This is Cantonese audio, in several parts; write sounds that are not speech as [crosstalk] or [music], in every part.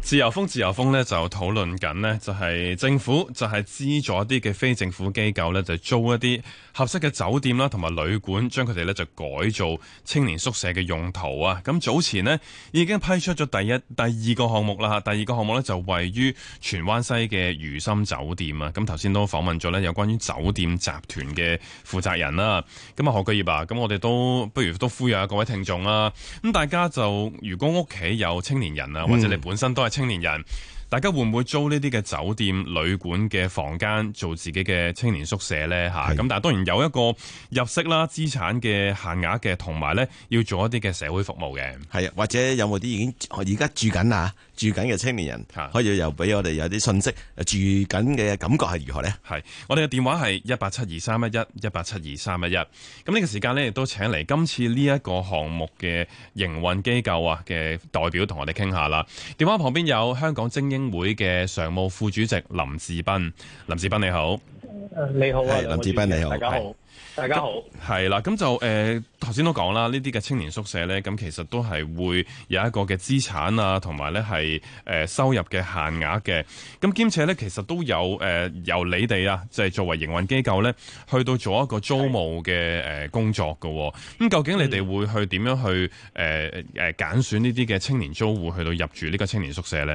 自由風，自由風咧就討論緊呢就係政府就係資助啲嘅非政府機構呢就租一啲合適嘅酒店啦，同埋旅館，將佢哋呢就改做青年宿舍嘅用途啊！咁早前呢已經批出咗第一、第二個項目啦，第二個項目呢就位於荃灣西嘅如心酒店啊！咁頭先都訪問咗呢有關於酒店集團嘅負責人啦。咁啊，何居業啊！咁我哋都不如都呼籲下各位聽眾啦、啊。咁大家就如果屋企有青年人啊，或者你本身、嗯，都係青年人，大家會唔會租呢啲嘅酒店、旅館嘅房間做自己嘅青年宿舍呢？吓，咁但係當然有一個入息啦、資產嘅限額嘅，同埋呢要做一啲嘅社會服務嘅。係啊，或者有冇啲已經而家住緊啊？住緊嘅青年人，可以又俾我哋有啲信息。住緊嘅感覺係如何呢？係，我哋嘅電話係一八七二三一一一八七二三一一。咁呢個時間呢，亦都請嚟今次呢一個項目嘅營運機構啊嘅代表同我哋傾下啦。電話旁邊有香港精英會嘅常務副主席林志斌。林志斌你好，你好，林志斌你好，大家好。大家好，係啦，咁就誒、頭、呃、先都講啦，呢啲嘅青年宿舍咧，咁其實都係會有一個嘅資產啊，同埋咧係誒收入嘅限額嘅，咁兼且咧其實都有誒、呃、由你哋啊，即、就、係、是、作為營運機構咧，去到做一個租務嘅誒工作㗎，咁、呃、究竟你哋會去點樣去誒誒揀選呢啲嘅青年租戶去到入住呢個青年宿舍咧？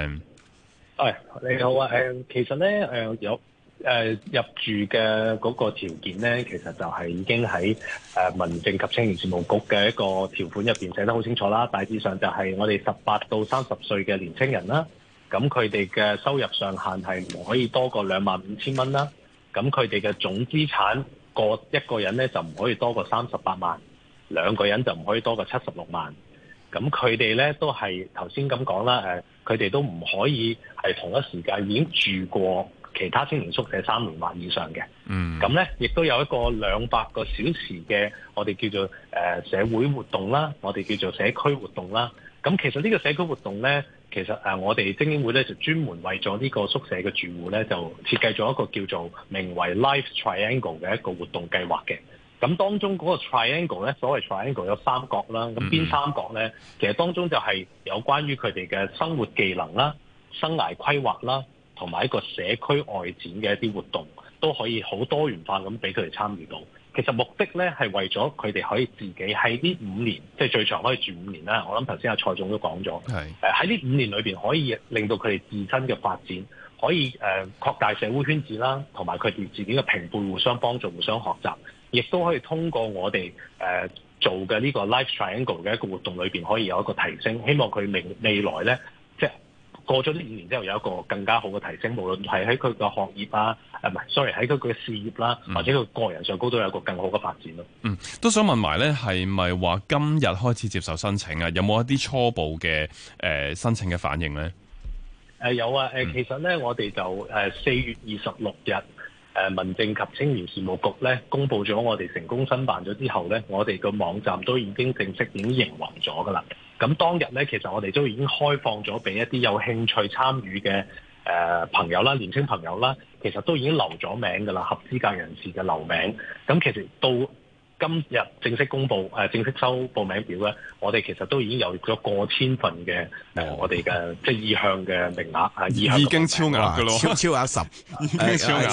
係、哎、你好啊，誒、呃，其實咧誒、呃、有。誒、呃、入住嘅嗰個條件咧，其實就係已經喺誒、呃、民政及青年事務局嘅一個條款入邊寫得好清楚啦。大致上就係我哋十八到三十歲嘅年青人啦，咁佢哋嘅收入上限係唔可以多過兩萬五千蚊啦。咁佢哋嘅總資產各一個人咧就唔可以多過三十八萬，兩個人就唔可以多過七十六萬。咁佢哋咧都係頭先咁講啦，呃、佢哋都唔可以係同一時間已經住過。其他青年宿舍三年或以上嘅，咁咧亦都有一個兩百個小時嘅我哋叫做誒、呃、社會活動啦，我哋叫做社區活動啦。咁其實呢個社區活動咧，其實誒、呃、我哋精英會咧就專門為咗呢個宿舍嘅住戶咧，就設計咗一個叫做名為 Life Triangle 嘅一個活動計劃嘅。咁當中嗰個 Triangle 咧，所謂 Triangle 有三角啦，咁、mm-hmm. 邊三角咧，其實當中就係有關於佢哋嘅生活技能啦、生涯規劃啦。同埋一個社區外展嘅一啲活動，都可以好多元化咁俾佢哋參與到。其實目的咧係為咗佢哋可以自己喺呢五年，即係最長可以住五年啦。我諗頭先阿蔡總都講咗，喺呢、呃、五年裏面可以令到佢哋自身嘅發展，可以誒擴、呃、大社會圈子啦，同埋佢哋自己嘅平輩互相幫助、互相學習，亦都可以通過我哋誒、呃、做嘅呢個 Life Triangle 嘅一個活動裏面可以有一個提升。希望佢未未來咧。過咗呢五年之後，有一個更加好嘅提升，無論係喺佢嘅學業啊，誒唔係，sorry，喺佢嘅事業啦，或者佢個人上高都有一個更好嘅發展咯。嗯，都想問埋咧，係咪話今日開始接受申請啊？有冇一啲初步嘅誒、呃、申請嘅反應咧？誒、呃、有啊！誒、呃、其實咧，我哋就誒四、呃、月二十六日誒、呃、民政及青年事務局咧，公布咗我哋成功申辦咗之後咧，我哋個網站都已經正式已經營運咗噶啦。咁當日咧，其實我哋都已經開放咗俾一啲有興趣參與嘅誒、呃、朋友啦、年輕朋友啦，其實都已經留咗名㗎啦，合資格人士嘅留名。咁其實到今日正式公布，呃、正式收報名表咧，我哋其實都已經有咗過千份嘅誒、呃，我哋嘅即係意向嘅名額，係已經超額㗎咯、啊，超超額十，嗯、已經超額二，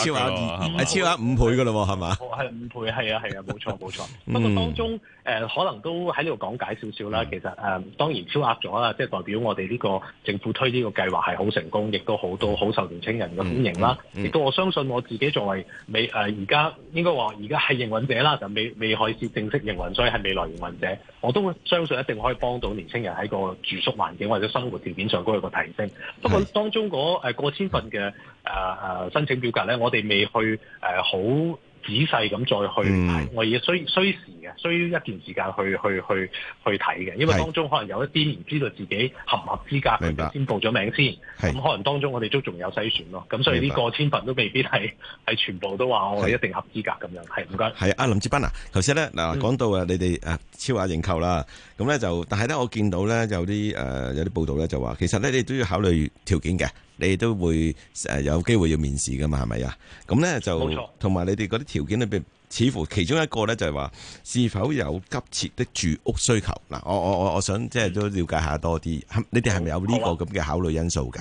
超額五倍嘅咯，係嘛？係五倍，係啊，係啊，冇錯冇錯。錯 [laughs] 不過當中、呃、可能都喺呢度講解少少啦。其實誒、呃、當然超額咗啦，即、就、係、是、代表我哋呢個政府推呢個計劃係好成功，亦都好多好受年輕人嘅歡迎啦。亦、嗯、都、嗯、我相信我自己作為未誒而家應該話而家係營運者啦，就未未。未開始正式營運，所以係未來營運者，我都相信一定可以幫到年青人喺個住宿環境或者生活條件上高有個提升。不過當中嗰誒過千份嘅誒誒申請表格咧，我哋未去誒好。仔細咁再去睇，嗯，我而要需需時嘅，需要一段時間去去去去睇嘅，因為當中可能有一啲唔知道自己合唔合資格，就先報咗名先，咁可能當中我哋都仲有篩選咯，咁所以呢個簽份都未必係係全部都話我哋一定合資格咁樣，係唔該。係啊，林志斌啊，頭先咧嗱講到啊，你哋超額認購啦，咁、嗯、咧就但係咧我見到咧有啲誒、呃、有啲報道咧就話，其實咧你都要考慮條件嘅。你都會誒有機會要面試噶嘛？係咪啊？咁咧就同埋你哋嗰啲條件裏邊，似乎其中一個咧就係話，是否有急切的住屋需求？嗱，我我我我想即係都了解下多啲，你哋係咪有呢個咁嘅考慮因素㗎？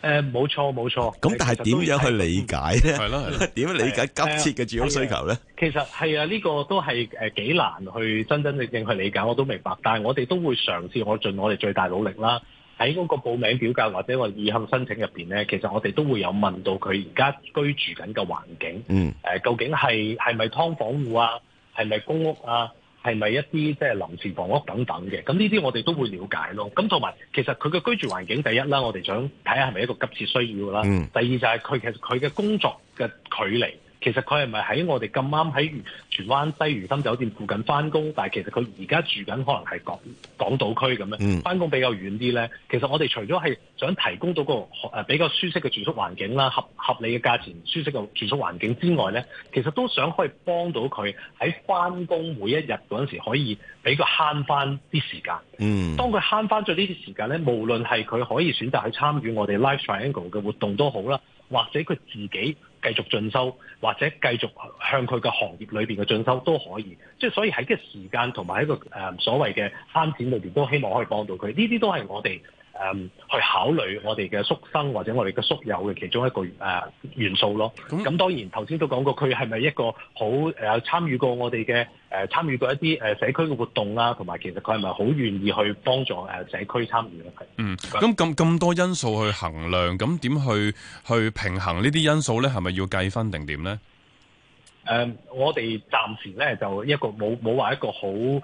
誒、嗯，冇錯冇錯。咁、嗯嗯嗯嗯、但係點樣去理解咧？點、嗯嗯嗯嗯、樣理解急切嘅住屋需求咧？其實係啊，呢、這個都係誒幾難去真真正正去理解。我都明白，但係我哋都會嘗試，我盡我哋最大努力啦。喺嗰個報名表格或者我意向申請入面咧，其實我哋都會有問到佢而家居住緊嘅環境，嗯呃、究竟係係咪劏房戶啊，係咪公屋啊，係咪一啲即係臨時房屋等等嘅，咁呢啲我哋都會了解咯。咁同埋其實佢嘅居住環境第一啦，我哋想睇下係咪一個急切需要啦、嗯。第二就係佢其實佢嘅工作嘅距離。其實佢係咪喺我哋咁啱喺荃灣西如心酒店附近翻工？但係其實佢而家住緊可能係港港島區咁樣，翻、mm. 工比較遠啲咧。其實我哋除咗係想提供到個誒比較舒適嘅住宿環境啦，合合理嘅價錢、舒適嘅住宿環境之外咧，其實都想可以幫到佢喺翻工每一日嗰陣時可以俾佢慳翻啲時間。嗯、mm.，當佢慳翻咗呢啲時間咧，無論係佢可以選擇去參與我哋 Life Triangle 嘅活動都好啦，或者佢自己，繼續進修，或者繼續向佢嘅行業裏邊嘅進修都可以，即係所以喺嘅時間同埋喺個誒、呃、所謂嘅慳錢裏邊都希望可以幫到佢，呢啲都係我哋。嗯、去考慮我哋嘅宿生或者我哋嘅宿友嘅其中一個誒元素咯。咁當然頭先都講過，佢係咪一個好誒、呃、參與過我哋嘅誒參與過一啲誒社區嘅活動啦，同埋其實佢係咪好願意去幫助誒社區參與咧？嗯，咁咁咁多因素去衡量，咁點去去平衡呢啲因素咧？係咪要計分定點咧？誒、呃，我哋暫時咧就一個冇冇話一個好誒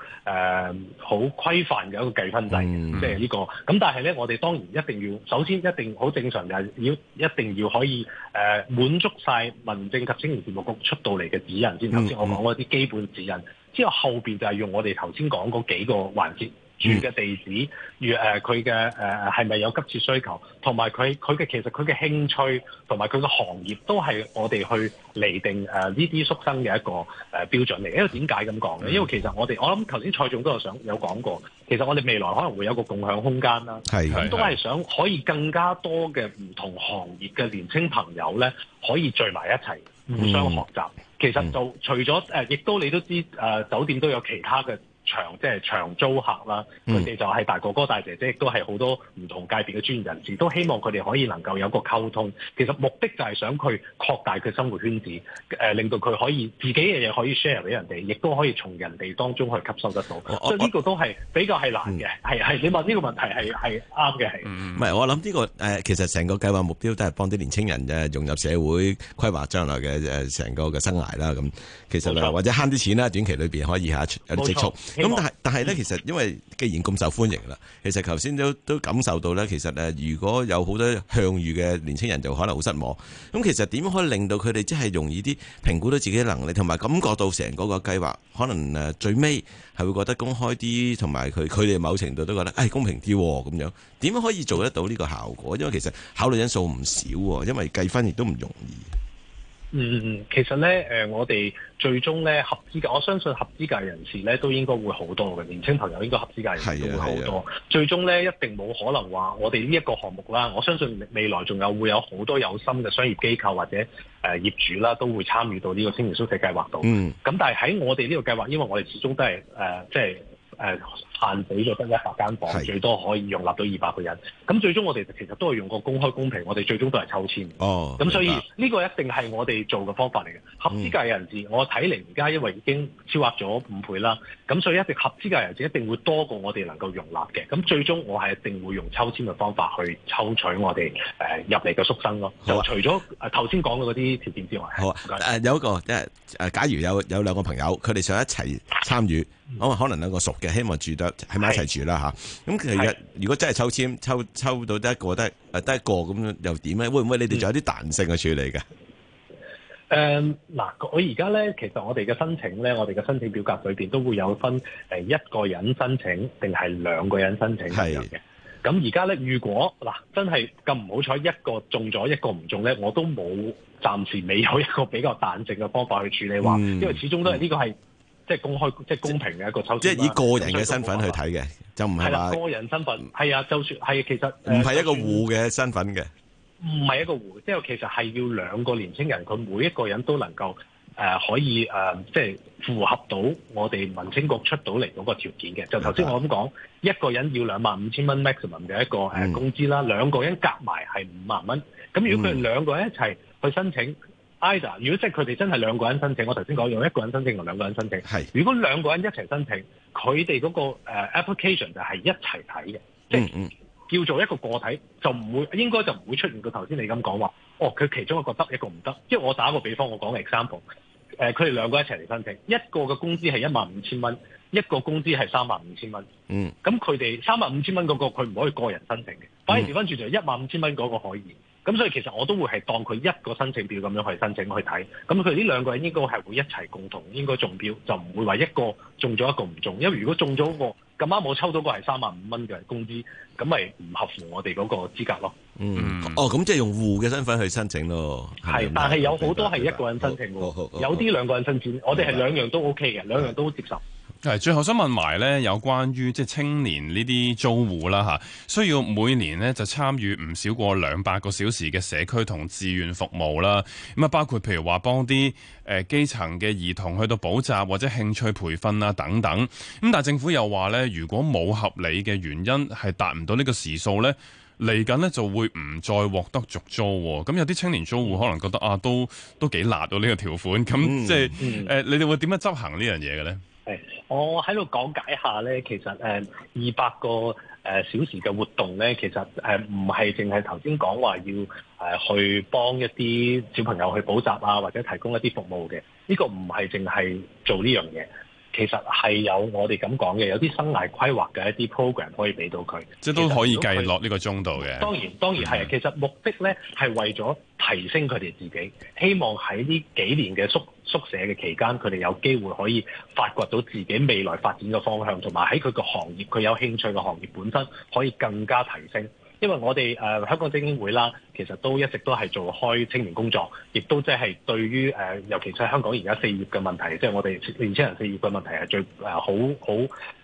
好規範嘅一個計分制，即係呢個。咁但係咧，我哋當然一定要首先一定好正常嘅，要一定要可以誒、呃、滿足曬民政及青年事務局出到嚟嘅指引先。頭先我講嗰啲基本指引，之後後邊就係用我哋頭先講嗰幾個環節。嗯、住嘅地址，與誒佢嘅誒係咪有急切需求，同埋佢佢嘅其實佢嘅興趣，同埋佢嘅行業都係我哋去釐定誒呢啲宿生嘅一個誒、呃、標準嚟。因為點解咁講咧？因為其實我哋我諗頭先蔡總都有想有講過，其實我哋未來可能會有個共享空間啦，係都係想可以更加多嘅唔同行業嘅年青朋友咧，可以聚埋一齊互相學習。嗯、其實就、嗯、除咗誒，亦、呃、都你都知誒、呃，酒店都有其他嘅。長即係長租客啦，佢哋就係大哥哥、大姐姐，亦都係好多唔同界別嘅專業人士，都希望佢哋可以能夠有個溝通。其實目的就係想佢擴大佢生活圈子，誒令到佢可以自己嘅嘢可以 share 俾人哋，亦都可以從人哋當中去吸收得到。即係呢個都係比較係難嘅，係係、嗯、你問呢個問題係係啱嘅，係。唔係、嗯、我諗呢，這個誒，其實成個計劃目標都係幫啲年青人嘅融入社會，規劃將來嘅誒成個嘅生涯啦。咁其實或者慳啲錢啦，短期裏邊可以吓有啲積蓄。咁但係但係咧，其實因為既然咁受歡迎啦，其實頭先都都感受到咧，其實誒，如果有好多向遇嘅年青人，就可能好失望。咁其實點可以令到佢哋即係容易啲評估到自己嘅能力，同埋感覺到成個計劃可能誒最尾係會覺得公開啲，同埋佢佢哋某程度都覺得誒、哎、公平啲咁樣。點可以做得到呢個效果？因為其實考慮因素唔少，因為計分亦都唔容易。嗯，其實咧，誒、呃，我哋最終咧合資格，我相信合資格人士咧都應該會好多嘅，年青朋友應該合資格人士都會好多，啊啊。最終咧一定冇可能話我哋呢一個項目啦，我相信未來仲有會有好多有心嘅商業機構或者誒、呃、業主啦，都會參與到呢個青年宿舍計劃度。嗯，咁但係喺我哋呢個計劃，因為我哋始終都係誒、呃，即係誒。呃限俾咗得一百間房，最多可以容納到二百個人。咁最終我哋其實都係用個公開公平，我哋最終都係抽籤哦，咁所以呢、呢個一定係我哋做嘅方法嚟嘅。合資格人士，嗯、我睇嚟而家因為已經超額咗五倍啦，咁所以一定合資格人士一定會多過我哋能夠容納嘅。咁最終我係一定會用抽籤嘅方法去抽取我哋、呃、入嚟嘅宿生咯、啊。就除咗頭先講嘅嗰啲條件之外，好啊呃、有一個即係、呃、假如有有兩個朋友，佢哋想一齊參與，咁、嗯、啊可能兩個熟嘅，希望住到。喺埋一齊住啦吓，咁其實如果真係抽籤抽抽到得一個得誒得一個咁樣又點咧？會唔會你哋仲有啲彈性嘅處理㗎？誒、嗯、嗱、呃，我而家咧，其實我哋嘅申請咧，我哋嘅申請表格裏邊都會有分誒一個人申請定係兩個人申請咁嘅。咁而家咧，如果嗱真係咁唔好彩，一個中咗，一個唔中咧，我都冇暫時未有一個比較彈性嘅方法去處理話、嗯，因為始終都係呢個係。即係公開，即係公平嘅一個抽獎。即係以個人嘅身份去睇嘅，就唔係話個人身份。係啊，就算係其實唔係一個戶嘅身份嘅，唔係一個戶。即係其實係要兩個年青人，佢每一個人都能夠誒、呃、可以誒、呃，即係符合到我哋民政局出到嚟嗰個條件嘅。就頭先我咁講，一個人要兩萬五千蚊 maximum 嘅一個誒工資啦、嗯，兩個人夾埋係五萬蚊。咁如果佢哋兩個一齊去申請？Either, 如果即係佢哋真係兩個人申請，我頭先講用一個人申請同兩個人申請。如果兩個人一齊申請，佢哋嗰個 application 就係一齊睇嘅，即叫做一個個體就，就唔會應該就唔會出現個頭先你咁講話。哦，佢其中一個得一個唔得。即係我打個個比方，我講嘅 example、呃。佢哋兩個一齊嚟申請，一個嘅工資係一萬五千蚊，一個工資係三萬五千蚊。嗯，咁佢哋三萬五千蚊嗰個佢唔可以個人申請嘅、嗯，反而調翻轉就係一萬五千蚊嗰個可以。咁所以其實我都會係當佢一個申請表咁樣去申請去睇，咁佢呢兩個人應該係會一齊共同應該中標，就唔會話一個中咗一個唔中，因為如果中咗一個咁啱，我抽到個係三萬五蚊嘅工資，咁咪唔合乎我哋嗰個資格咯。嗯，哦，咁即係用戶嘅身份去申請咯。係，但係有好多係一個人申請，有啲兩個人申請，我哋係兩樣都 OK 嘅，兩樣都接受。最後想問埋咧，有關於即係青年呢啲租戶啦吓，需要每年咧就參與唔少過兩百個小時嘅社區同志願服務啦。咁啊，包括譬如話幫啲誒基層嘅兒童去到補習或者興趣培訓啊等等。咁但係政府又話咧，如果冇合理嘅原因係達唔到呢個時數咧，嚟緊咧就會唔再獲得續租。咁有啲青年租戶可能覺得啊，都都幾辣到呢個條款。咁即係誒，你哋會點樣執行呢樣嘢嘅咧？係。我喺度講解下咧，其實誒二百個誒小時嘅活動咧，其實誒唔係淨係頭先講話要誒去幫一啲小朋友去補習啊，或者提供一啲服務嘅。呢個唔係淨係做呢樣嘢，其實係有我哋咁講嘅，有啲生涯規劃嘅一啲 program 可以俾到佢。即係都可以計落呢個鐘度嘅。當然當然係、嗯，其實目的咧係為咗提升佢哋自己，希望喺呢幾年嘅縮，宿舍嘅期間，佢哋有機會可以發掘到自己未來發展嘅方向，同埋喺佢個行業，佢有興趣嘅行業本身可以更加提升。因為我哋誒、呃、香港精英會啦，其實都一直都係做開青年工作，亦都即係對於誒、呃，尤其是香港而家四業嘅問題，即、就、係、是、我哋年輕人四業嘅問題係最誒好好。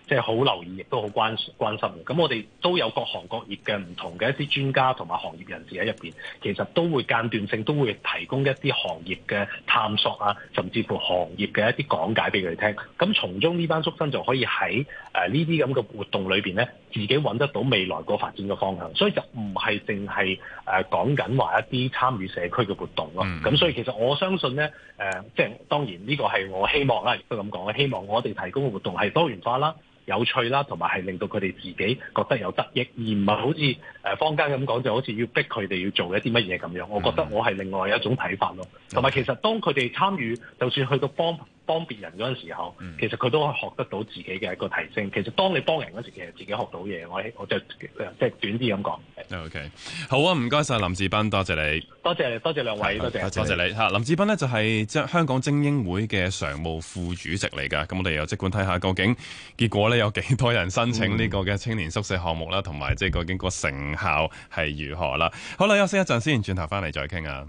呃即係好留意，亦都好關心。咁我哋都有各行各業嘅唔同嘅一啲專家同埋行業人士喺入面，其實都會間斷性都會提供一啲行業嘅探索啊，甚至乎行業嘅一啲講解俾佢哋聽。咁從中呢班宿生就可以喺呢啲咁嘅活動裏面咧，自己搵得到未來個發展嘅方向。所以就唔係淨係誒講緊話一啲參與社區嘅活動咯、啊。咁、mm. 所以其實我相信咧、呃，即係當然呢個係我希望啦，亦都咁講嘅。我希望我哋提供嘅活動係多元化啦。有趣啦，同埋係令到佢哋自己覺得有得益，而唔係好似誒坊間咁講，就好似要逼佢哋要做一啲乜嘢咁樣。我覺得我係另外一種睇法咯。同、mm-hmm. 埋其實當佢哋參與，就算去到幫幫別人嗰陣時候，其實佢都可以學得到自己嘅一個提升。嗯、其實當你幫人嗰時，其實自己學到嘢。我就我就即係、就是、短啲咁講。O、okay. K，好啊，唔該晒林志斌，多謝你，多謝多謝兩位，多謝兩位多謝你吓。林志斌呢，就係即香港精英會嘅常務副主席嚟噶。咁我哋又即管睇下究竟結果呢，有幾多人申請呢個嘅青年宿舍項目啦，同埋即係究竟個成效係如何啦。好啦、啊，休息一陣先，轉頭翻嚟再傾啊。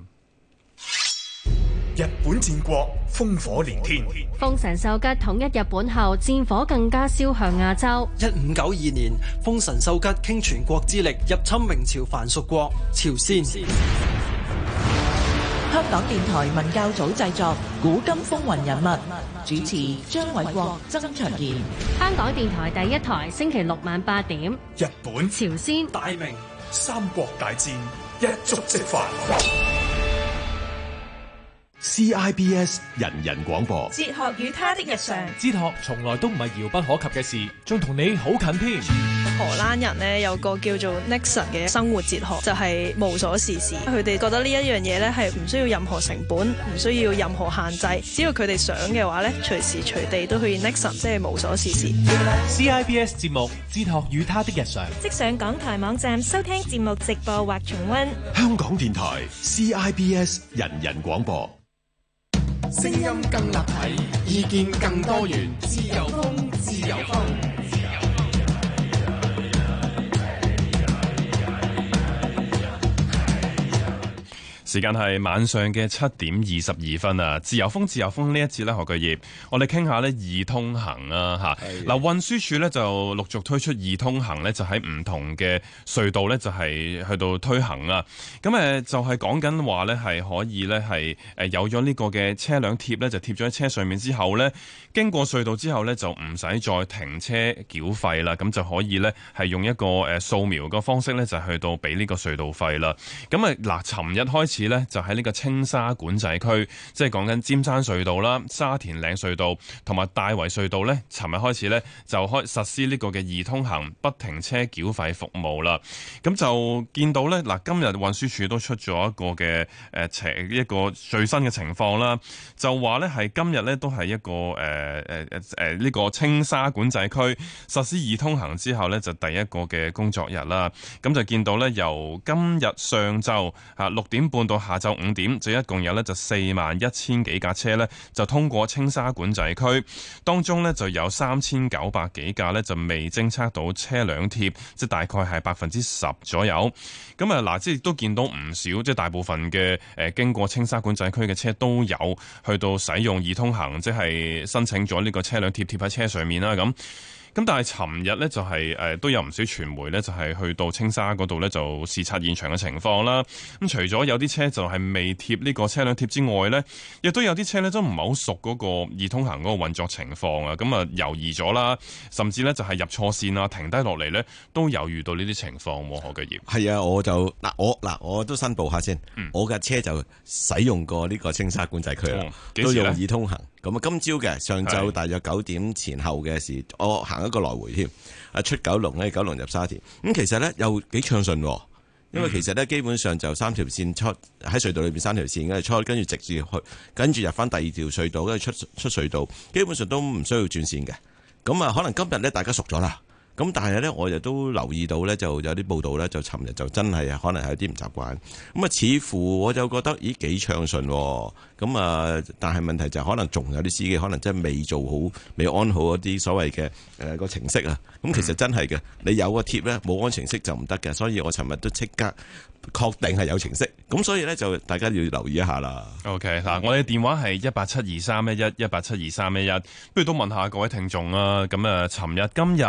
日本戰國烽火連天，豐臣秀吉統一日本後，戰火更加燒向亞洲。一五九二年，豐臣秀吉傾全國之力入侵明朝藩屬國朝鮮。香港電台文教組製作《古今風雲人物》，主持張偉國、曾卓賢。香港電台第一台，星期六晚八點。日本、朝鮮、大明三國大戰，一觸即發。CIBS 人人廣播，哲學與他的日常，哲學從來都唔係遙不可及嘅事，仲同你好近添。荷蘭人呢，有個叫做 Nixon 嘅生活哲學，就係、是、無所事事。佢哋覺得呢一樣嘢呢，係唔需要任何成本，唔需要任何限制，只要佢哋想嘅話呢，隨時隨地都可以 Nixon，即係無所事事。CIBS 節目《哲學與他的日常》，即上港台網站收聽節目直播或重溫。香港電台 CIBS 人人廣播。聲音更立體，意見更多元，自由風，自由風。時間係晚上嘅七點二十二分啊！自由風，自由風。這一節呢一次咧，何巨業，我哋傾下咧易通行啊。吓。嗱、啊，運輸署咧就陸續推出易通行咧，就喺唔同嘅隧道咧，就係、是、去到推行啦、啊。咁誒，就係講緊話咧，係可以咧，係誒有咗呢個嘅車輛貼咧，就貼咗喺車上面之後咧，經過隧道之後咧，就唔使再停車繳費啦。咁就可以咧，係用一個誒掃描個方式咧，就去到俾呢個隧道費啦。咁啊，嗱，尋日開始。咧就喺呢個青沙管制區，即係講緊尖山隧道啦、沙田嶺隧道同埋大圍隧道咧，尋日開始咧就開實施呢個嘅易通行不停車繳費服務啦。咁就見到咧，嗱，今日運輸署都出咗一個嘅誒、呃、一個最新嘅情況啦，就話咧係今日咧都係一個誒誒誒呢個青沙管制區實施易通行之後咧，就第一個嘅工作日啦。咁就見到咧由今日上晝啊六點半。到下晝五點，就一共有咧就四萬一千幾架車咧，就通過青沙管制區，當中呢，就有三千九百幾架呢，就未偵測到車輛貼，即大概係百分之十左右。咁啊嗱，即亦都見到唔少，即係大部分嘅誒經過青沙管制區嘅車都有去到使用易通行，即係申請咗呢個車輛貼貼喺車上面啦咁。咁但係尋日咧就係誒都有唔少傳媒咧就係去到青沙嗰度咧就視察現場嘅情況啦。咁除咗有啲車就係未貼呢個車輛貼之外咧，亦都有啲車咧都唔係好熟嗰個易通行嗰個運作情況啊。咁啊猶豫咗啦，甚至咧就係入錯線啊，停低落嚟咧都有遇到呢啲情況喎。何繼業？係啊，我就嗱我嗱我都申報下先，嗯、我嘅車就使用過呢個青沙管制區時都用易通行。咁啊，今朝嘅上晝大約九點前後嘅事，是我行一個來回添，啊出九龍咧，九龍入沙田。咁其實咧又幾暢順，因為其實咧基本上就三條線出喺隧道裏邊，三條線跟住出，跟住直接去，跟住入翻第二條隧道，跟住出出隧道，基本上都唔需要轉線嘅。咁啊，可能今日咧大家熟咗啦。咁但係呢，我就都留意到呢，就有啲報道呢，就尋日就真係可能係有啲唔習慣。咁啊，似乎我就覺得咦幾暢順喎。咁啊，但係問題就係，可能仲有啲司機，可能真係未做好，未安好嗰啲所謂嘅誒個程式啊。咁其實真係嘅，你有個貼呢，冇安程式就唔得嘅。所以我尋日都即刻，確定係有程式，咁所以呢，就大家要留意一下啦。OK，嗱，我哋電話係一八七二三一一一八七二三一一，不如都問下各位聽眾啊。咁啊，尋日、今日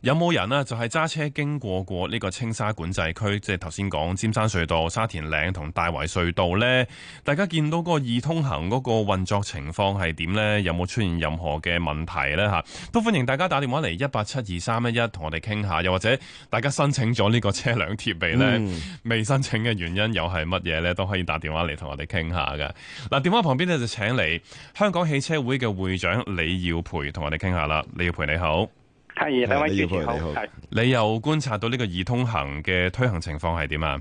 有冇人咧就係揸車經過過呢個青沙管制區，即係頭先講尖山隧道、沙田嶺同大圍隧道呢。大家見到嗰個易通行嗰個運作情況係點呢？有冇出現任何嘅問題呢？嚇，都歡迎大家打電話嚟一八七二三一一，同我哋傾下。又或者大家申請咗呢個車輛貼畀呢微信。嗯申請嘅原因又係乜嘢咧？都可以打電話嚟同我哋傾下㗎。嗱，電話旁邊咧就請嚟香港汽車會嘅會長李耀培同我哋傾下啦。李耀培你好，係，兩位主持人好，你你好。你又觀察到呢個易通行嘅推行情況係點啊？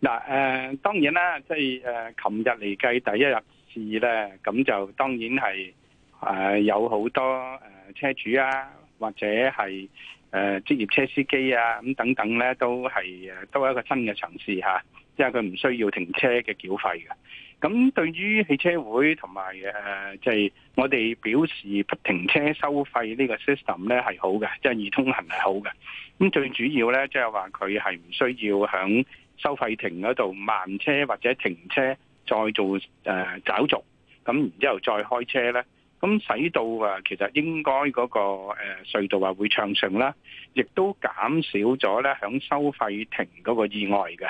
嗱，誒，當然啦，即係誒，琴日嚟計第一日試咧，咁就當然係誒、呃、有好多誒、呃、車主啊，或者係，誒，職業車司機啊，咁等等咧，都係誒，都一個新嘅嘗試吓，因為佢唔需要停車嘅繳費嘅。咁對於汽車會同埋誒，即係我哋表示不停車收費呢個 system 咧係好嘅，即係易通行係好嘅。咁最主要咧，即係話佢係唔需要響收費亭嗰度慢車或者停車再做誒、呃、找續，咁然之後再開車咧。咁使到啊，其實應該嗰個誒隧道啊會暢順啦，亦都減少咗咧響收費亭嗰個意外嘅。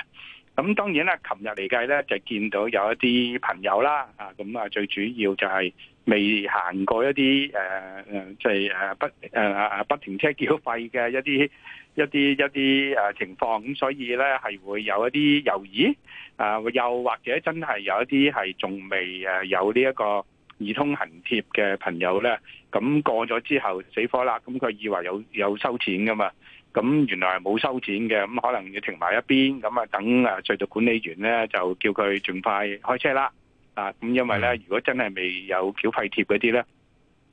咁當然啦，琴日嚟計咧就見到有一啲朋友啦，啊咁啊最主要就係未行過一啲誒誒，即、啊、係、就係啊、不、啊、不停車繳費嘅一啲一啲一啲誒、啊、情況，咁所以咧係會有一啲猶豫，啊，又或者真係有一啲係仲未誒有呢、這、一個。易通行貼嘅朋友呢，咁過咗之後死火啦，咁佢以為有有收錢噶嘛，咁原來係冇收錢嘅，咁可能要停埋一邊，咁啊等誒隧道管理員呢，就叫佢盡快開車啦，啊咁因為呢，嗯、如果真係未有繳費貼嗰啲呢，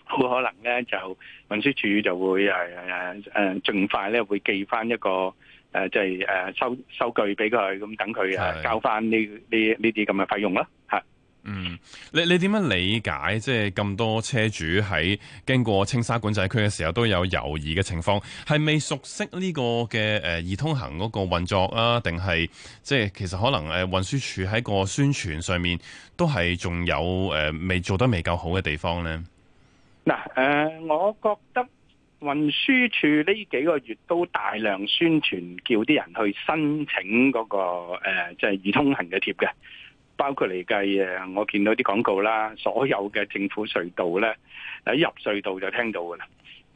好可能呢，就運輸署就會誒誒盡快呢會寄翻一個誒即係收收據俾佢，咁等佢交翻呢呢呢啲咁嘅費用啦。嗯，你你點樣理解即係咁多車主喺經過青沙管制區嘅時候都有猶豫嘅情況，係未熟悉呢、這個嘅誒易通行嗰個運作啊，定係即係其實可能誒運輸署喺個宣傳上面都係仲有誒未、呃、做得未夠好嘅地方呢？嗱、呃、誒，我覺得運輸署呢幾個月都大量宣傳，叫啲人去申請嗰、那個誒即係易通行嘅貼嘅。包括嚟計誒，我見到啲廣告啦，所有嘅政府隧道咧，喺入隧道就聽到噶啦。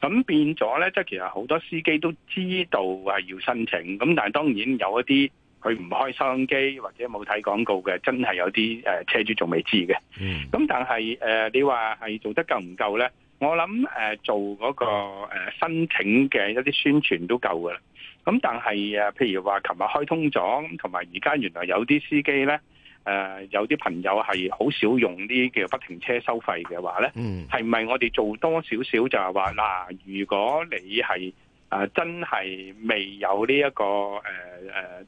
咁變咗咧，即係其實好多司機都知道係要申請，咁但係當然有一啲佢唔開收音機或者冇睇廣告嘅，真係有啲誒車主仲未知嘅。咁、嗯、但係誒，你話係做得夠唔夠咧？我諗誒，做嗰個誒申請嘅一啲宣傳都夠噶啦。咁但係誒，譬如話琴日開通咗，同埋而家原來有啲司機咧。誒、呃、有啲朋友係好少用啲叫不停車收費嘅話咧，係唔係我哋做多少少就係話嗱，如果你係誒、呃、真係未有呢一個誒誒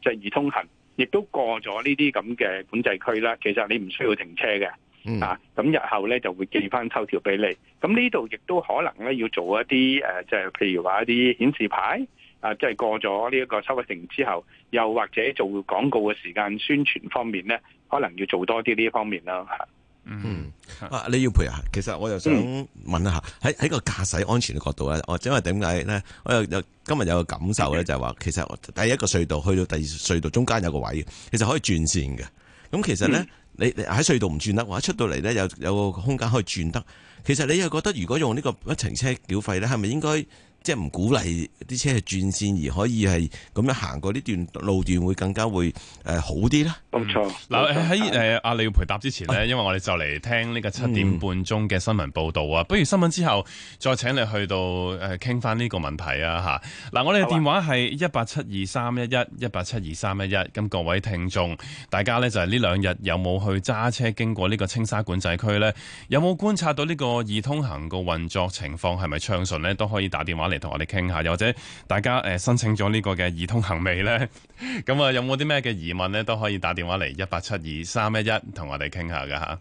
即係易通行，亦都過咗呢啲咁嘅管制區啦，其實你唔需要停車嘅、嗯、啊，咁日後咧就會寄翻抽條俾你。咁呢度亦都可能咧要做一啲誒，即、呃、係譬如話一啲顯示牌。啊，即係過咗呢一個收費亭之後，又或者做廣告嘅時間宣傳方面呢，可能要做多啲呢方面啦，吓。嗯，啊，李耀培啊，其實我又想問一下，喺喺個駕駛安全嘅角度呢，我因為點解呢？我又今日有個感受呢，okay. 就係話，其實第一個隧道去到第二隧道中間有個位，其實可以轉線嘅。咁其實呢，嗯、你喺隧道唔轉得，或者出到嚟，呢，有有個空間可以轉得。其實你又覺得，如果用呢個一程車繳費呢，係咪應該？即係唔鼓勵啲車係轉線，而可以係咁樣行過呢段路段，會更加會誒好啲啦，冇、嗯、錯。嗱喺誒阿李耀培答之前咧，因為我哋就嚟聽呢個七點半鐘嘅新聞報道啊，不如新聞之後再請你去到誒傾翻呢個問題啊吓。嗱，我哋嘅電話係一八七二三一一一八七二三一一。咁各位聽眾，大家咧就係呢兩日有冇去揸車經過呢個青沙管制區咧？有冇觀察到呢個易通行個運作情況係咪暢順咧？都可以打電話。嚟同我哋傾下，又或者大家誒申請咗呢個嘅易通行未呢？咁啊，有冇啲咩嘅疑問呢？都可以打電話嚟一八七二三一一同我哋傾下㗎。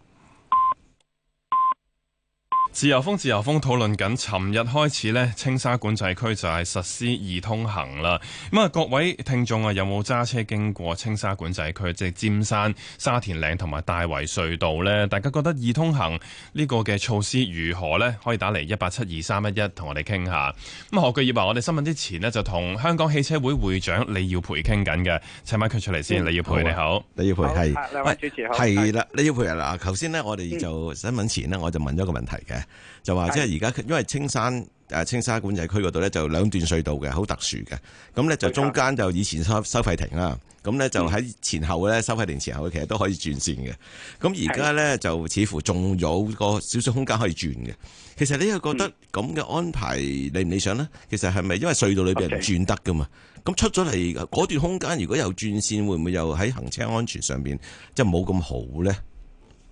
自由風，自由風，討論緊。尋日開始呢青沙管制區就係實施易通行啦。咁啊，各位聽眾啊，有冇揸車經過青沙管制區即係尖山、沙田嶺同埋大圍隧道呢？大家覺得易通行呢個嘅措施如何呢？可以打嚟一八七二三一一，同我哋傾下。咁何巨業話：我哋新聞之前呢，就同香港汽車會會長李耀培傾緊嘅。請返佢出嚟先，李耀培。你好，李耀培，係、啊。兩位主持好。係啦，李耀培嗱。頭先呢，我哋就、嗯、新聞前呢，我就問咗一個問題嘅。就話即係而家，因為青山誒、啊，青沙管制區嗰度呢，就兩段隧道嘅，好特殊嘅。咁呢，就中間就以前收收費亭啦，咁呢，就喺前後呢、嗯、收費亭前後其實都可以轉線嘅。咁而家呢，就似乎仲有個少少空間可以轉嘅。其實你又覺得咁嘅安排理唔、嗯、理想呢？其實係咪因為隧道裏邊轉得噶嘛？咁、okay. 出咗嚟嗰段空間，如果有轉線，會唔會又喺行車安全上面？即係冇咁好呢？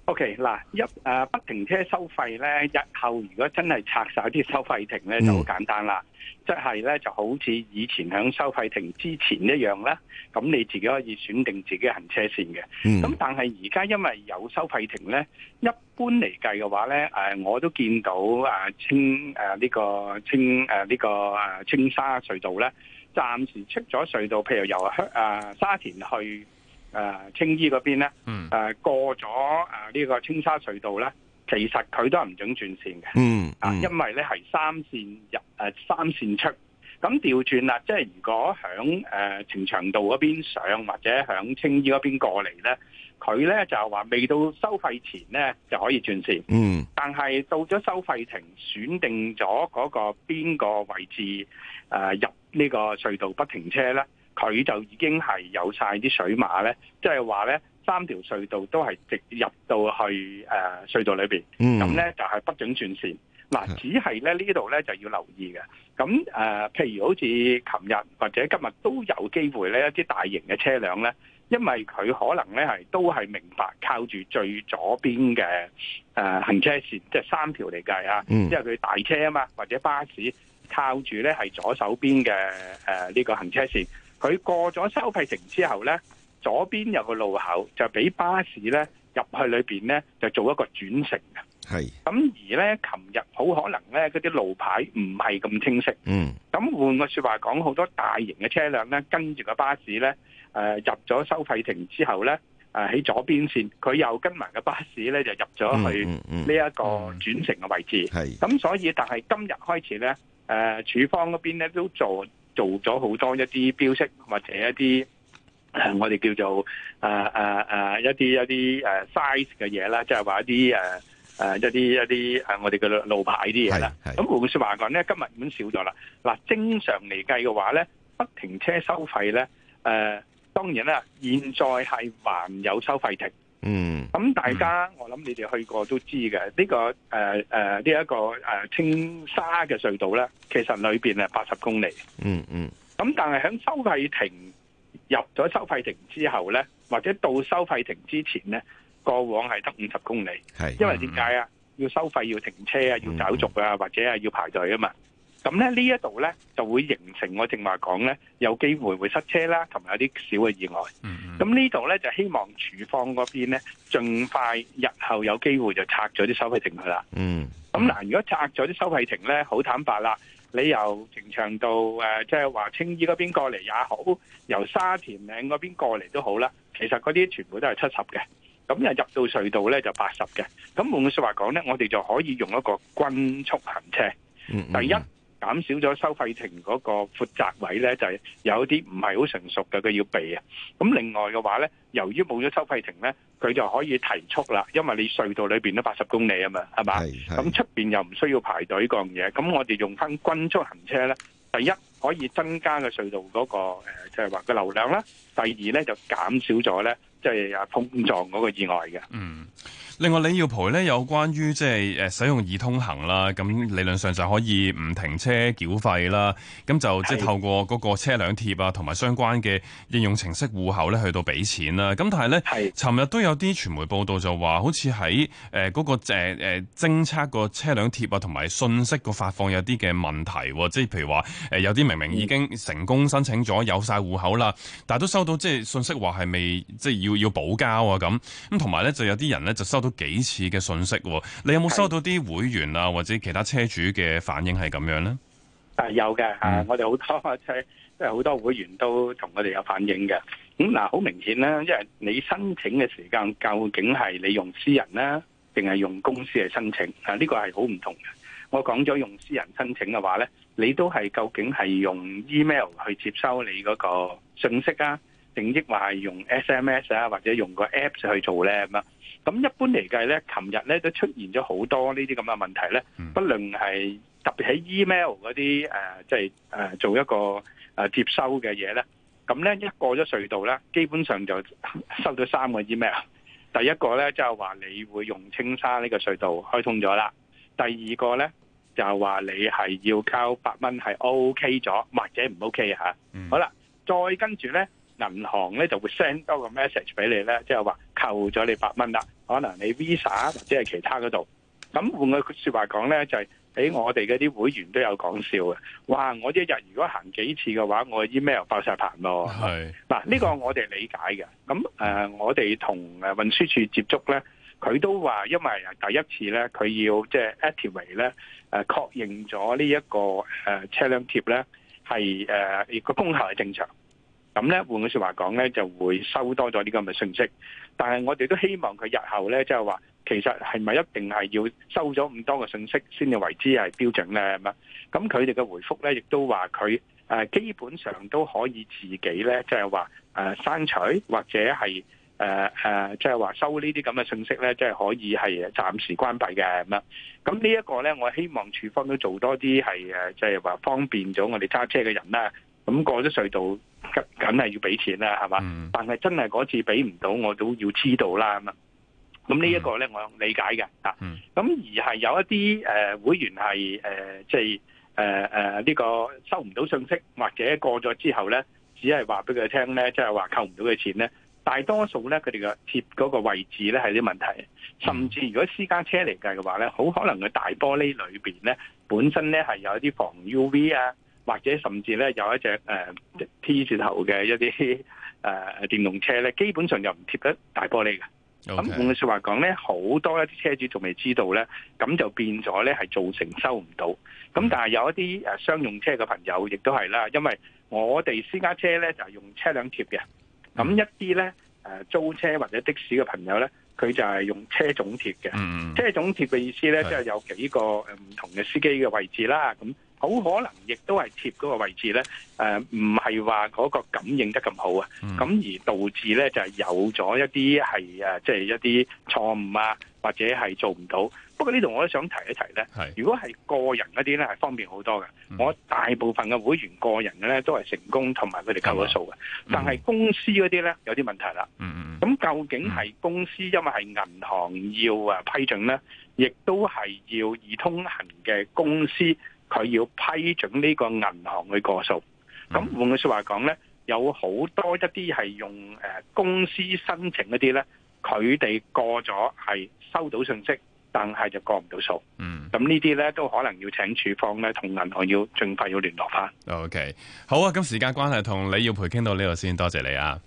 O.K. 嗱，一誒、啊、不停車收費咧，日後如果真係拆晒啲收費亭咧，就好簡單啦。即係咧，就好似以前喺收費亭之前一樣咧，咁你自己可以選定自己行車線嘅。咁、mm. 但係而家因為有收費亭咧，一般嚟計嘅話咧、啊，我都見到誒青誒呢個青誒呢個誒青、啊、沙隧道咧，暫時出咗隧道，譬如由、啊、沙田去。誒、呃，青衣嗰邊咧，誒、嗯呃、過咗誒呢個青沙隧道咧，其實佢都係唔准轉線嘅、嗯嗯，啊，因為咧係三線入誒、呃、三線出，咁調轉啦，即係如果響誒呈長道嗰邊上或者響青衣嗰邊過嚟咧，佢咧就話未到收費前咧就可以轉線，嗯，但係到咗收費亭選定咗嗰個邊個位置誒、呃、入呢個隧道不停車咧。佢就已經係有晒啲水馬咧，即係話咧，三條隧道都係直入到去誒、呃、隧道裏面。咁咧就係、是、不准轉線。嗱、啊，只係咧呢度咧就要留意嘅。咁誒、呃，譬如好似琴日或者今日都有機會咧，一啲大型嘅車輛咧，因為佢可能咧係都係明白靠住最左邊嘅誒、呃、行車線，即、就、係、是、三條嚟計啊。因為佢大車啊嘛，或者巴士靠住咧係左手邊嘅誒呢個行車線。佢過咗收費亭之後呢，左邊有個路口，就俾巴士呢入去裏面呢，就做一個轉乘嘅。係咁而呢，琴日好可能呢，嗰啲路牌唔係咁清晰。嗯。咁換個說話講，好多大型嘅車輛呢，跟住個巴士呢，呃、入咗收費亭之後呢，喺、呃、左邊線，佢又跟埋個巴士呢，就入咗去呢一個轉乘嘅位置。係、嗯。咁、嗯嗯、所以，但係今日開始呢，誒、呃、處方嗰邊呢，都做。做咗好多一啲標識或者一啲誒、mm. 啊、我哋叫做誒誒誒一啲、啊啊啊、一啲誒 size 嘅嘢啦，即係話一啲誒誒一啲一啲誒我哋嘅路牌啲嘢啦。咁換説話講咧，今日咁少咗啦。嗱，正常嚟計嘅話咧，不停車收費咧，誒當然咧，現在係還有收費亭。嗯。咁、嗯、大家，我諗你哋去過都知嘅，呢、這個誒誒呢一個誒青、呃這個呃、沙嘅隧道咧，其實裏邊係八十公里。嗯嗯。咁但係喺收費亭入咗收費亭之後咧，或者到收費亭之前咧，過往係得五十公里。係、嗯。因為點解啊？要收費要停車啊？要找續啊？嗯、或者係要排隊啊？嘛。咁咧呢一度咧就會形成我正話講咧有機會會塞車啦，同埋有啲小嘅意外。咁、mm-hmm. 呢度咧就希望處方嗰邊咧，盡快日後有機會就拆咗啲收費亭去啦。咁、mm-hmm. 嗱，如果拆咗啲收費亭咧，好坦白啦，你由長青道誒，即係話青衣嗰邊過嚟也好，由沙田嶺嗰邊過嚟都好啦。其實嗰啲全部都係七十嘅，咁又入到隧道咧就八十嘅。咁換句說話講咧，我哋就可以用一個均速行車。Mm-hmm. 第一。減少咗收費亭嗰個闊窄位咧，就係有啲唔係好成熟嘅佢要避啊。咁另外嘅話咧，由於冇咗收費亭咧，佢就可以提速啦，因為你隧道裏邊都八十公里啊嘛，係嘛？係。咁出邊又唔需要排隊嗰樣嘢。咁我哋用翻均速行車咧，第一可以增加個隧道嗰個誒，就係話個流量啦。第二咧就減少咗咧，即係啊碰撞嗰個意外嘅。嗯。另外，李耀培咧有關於即係誒使用易通行啦，咁理論上就可以唔停車繳費啦，咁就即係透過嗰個車輛貼啊，同埋相關嘅應用程式戶口咧去到俾錢啦。咁但係咧，係尋日都有啲傳媒報道就話好似喺誒嗰個誒誒偵測個車輛貼啊，同埋信息個發放有啲嘅問題，即係譬如話誒有啲明明已經成功申請咗有晒戶口啦，但係都收到即係信息話係未即係要要補交啊咁，咁同埋咧就有啲人咧就收到。幾次嘅信息，你有冇收到啲會員啊或者其他車主嘅反應係咁樣呢？啊，有嘅吓，我哋好多即係即係好多會員都同我哋有反應嘅。咁嗱，好明顯啦，因為你申請嘅時間，究竟係你用私人啦，定係用公司去申請啊？呢個係好唔同嘅。我講咗用私人申請嘅話呢，你都係究竟係用 email 去接收你嗰個信息啊？定抑或係用 SMS 啊，或者用個 Apps 去做咧，咁咁一般嚟計咧，琴日咧都出現咗好多呢啲咁嘅問題咧。不論係特別喺 email 嗰啲即係做一個、呃、接收嘅嘢咧。咁咧一過咗隧道咧，基本上就收到三個 email。第一個咧就係話你會用青沙呢個隧道開通咗啦。第二個咧就係話你係要交八蚊係 OK 咗，或者唔 OK 嚇、嗯。好啦，再跟住咧。銀行咧就會 send 多個 message 俾你咧，即係話扣咗你百蚊啦。可能你 Visa 或者係其他嗰度。咁換句說話講咧，就係、是、俾、欸、我哋嗰啲會員都有講笑嘅。哇！我一日如果行幾次嘅話，我 email 爆晒棚咯。係嗱，呢、啊，這個我哋理解嘅。咁誒、呃，我哋同誒運輸處接觸咧，佢都話因為第一次咧，佢要即係 activate 咧、呃，確認咗呢一個誒、呃、車輛貼咧係誒個功效係正常。咁咧，換句説話講咧，就會收多咗啲咁嘅信息。但係我哋都希望佢日後咧，即係話其實係咪一定係要收咗咁多嘅信息先至為之係標準咧咁樣？咁佢哋嘅回覆咧，亦都話佢誒基本上都可以自己咧，即係話誒刪除或者係誒誒，即係話收呢啲咁嘅信息咧，即係可以係暫時關閉嘅咁樣。咁呢一個咧，我希望處方都做多啲係誒，即係話方便咗我哋揸車嘅人啦。咁過咗隧道，梗係要俾錢啦，係嘛、嗯？但係真係嗰次俾唔到，我都要知道啦。咁，咁呢一個咧，我理解嘅。咁而係有一啲誒、呃、會員係誒，即係誒呢個收唔到信息，或者過咗之後咧，只係話俾佢聽咧，即係話扣唔到嘅錢咧。大多數咧，佢哋嘅貼嗰個位置咧係啲問題，甚至如果私家車嚟計嘅話咧，好可能佢大玻璃裏面咧，本身咧係有一啲防 U V 啊。或者甚至咧有一隻誒 T 字頭嘅一啲誒電動車咧，基本上就唔貼得大玻璃嘅。咁換句說話講咧，好、嗯嗯、多一啲車主仲未知道咧，咁就變咗咧係造成收唔到。咁但係有一啲誒商用車嘅朋友亦都係啦，因為我哋私家車咧就係、用車輛貼嘅。咁一啲咧誒租車或者的士嘅朋友咧，佢就係用車總貼嘅。嗯嗯，車總貼嘅意思咧，即係有幾個誒唔同嘅司機嘅位置啦。咁好可能亦都係貼嗰個位置咧，誒，唔係話嗰個感應得咁好啊，咁而導致咧就係有咗一啲係誒，即係一啲錯誤啊，或者係做唔到。不過呢度我都想提一提咧，係如果係個人嗰啲咧係方便好多嘅，我大部分嘅會員個人嘅咧都係成功同埋佢哋扣咗數嘅，但係公司嗰啲咧有啲問題啦。咁究竟係公司，因為係銀行要啊批准咧，亦都係要易通行嘅公司。佢要批准呢個銀行去過數，咁換句說話講呢，有好多一啲係用公司申請嗰啲呢，佢哋過咗係收到信息，但係就過唔到數。嗯，咁呢啲呢都可能要請處方呢同銀行要盡快要聯絡返。OK，好啊，咁時間關係，同李耀培傾到呢度先，多謝你啊！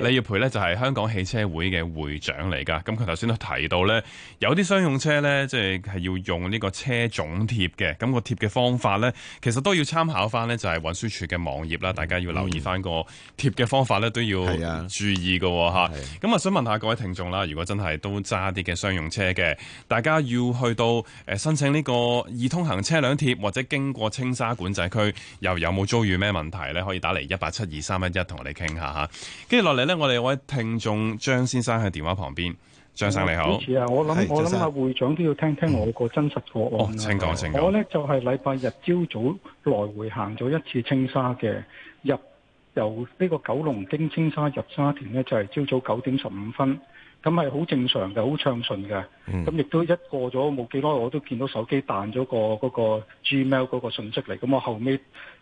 李耀培呢就係、是、香港汽車會嘅會長嚟㗎，咁佢頭先都提到呢，有啲商用車呢，即、就、係、是、要用呢個車總貼嘅，咁個貼嘅方法呢，其實都要參考翻呢，就係運輸署嘅網頁啦、嗯，大家要留意翻個貼嘅方法呢，都要注意㗎喎。咁啊，啊想問下各位聽眾啦，如果真係都揸啲嘅商用車嘅，大家要去到誒申請呢個易通行車輛貼，或者經過青沙管制區，又有冇遭遇咩問題呢？可以打嚟一八七二三一一同我哋傾下吓。接落嚟呢，我哋有位聽眾張先生喺電話旁邊。張生你好。啊，我諗我諗阿會長都要聽聽我個真實個案。請講、嗯，請、哦、講。我呢，就係、是、禮拜日朝早來回行咗一次青沙嘅，入由呢個九龍經青沙入沙田呢，就係、是、朝早九點十五分。咁係好正常嘅，好暢順嘅。咁亦都一過咗冇幾耐，多我都見到手機彈咗個嗰、嗰個 Gmail 嗰個訊息嚟。咁我後尾